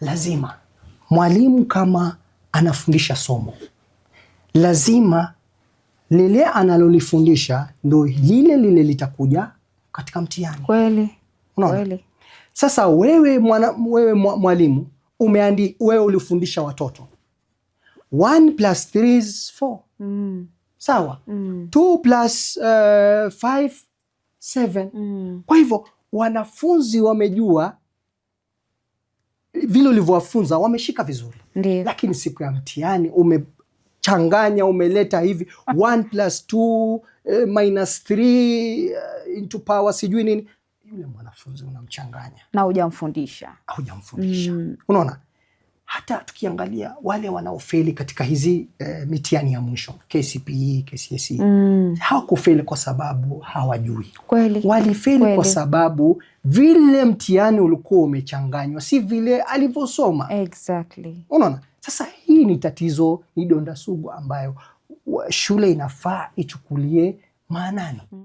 lazima mwalimu kama anafundisha somo lazima lile analolifundisha ndo lile lile litakuja katika mtihani. Kweli. Unaona? Kweli. Sasa wewe, mwana, wewe mwalimu umeandi, wewe ulifundisha watoto 1 plus 3 is 4. Mm. Sawa. Mm. 2 plus 5 uh, 7. Mm. Kwa hivyo wanafunzi wamejua vile ulivyowafunza wameshika vizuri. Ndiyo. Lakini siku ya mtihani umechanganya, umeleta hivi one plus eh, minus 3 eh, into power sijui nini, yule mwanafunzi unamchanganya na hujamfundisha, hujamfundisha. Mm. Unaona hata tukiangalia wale wanaofeli katika hizi e, mitihani ya mwisho KCPE, KCSE mm. hawakufeli kwa sababu hawajui. Kweli. Walifeli Kweli. kwa sababu vile mtihani ulikuwa umechanganywa, si vile alivyosoma. Exactly. Unaona, sasa hii ni tatizo, ni donda sugu ambayo shule inafaa ichukulie maanani.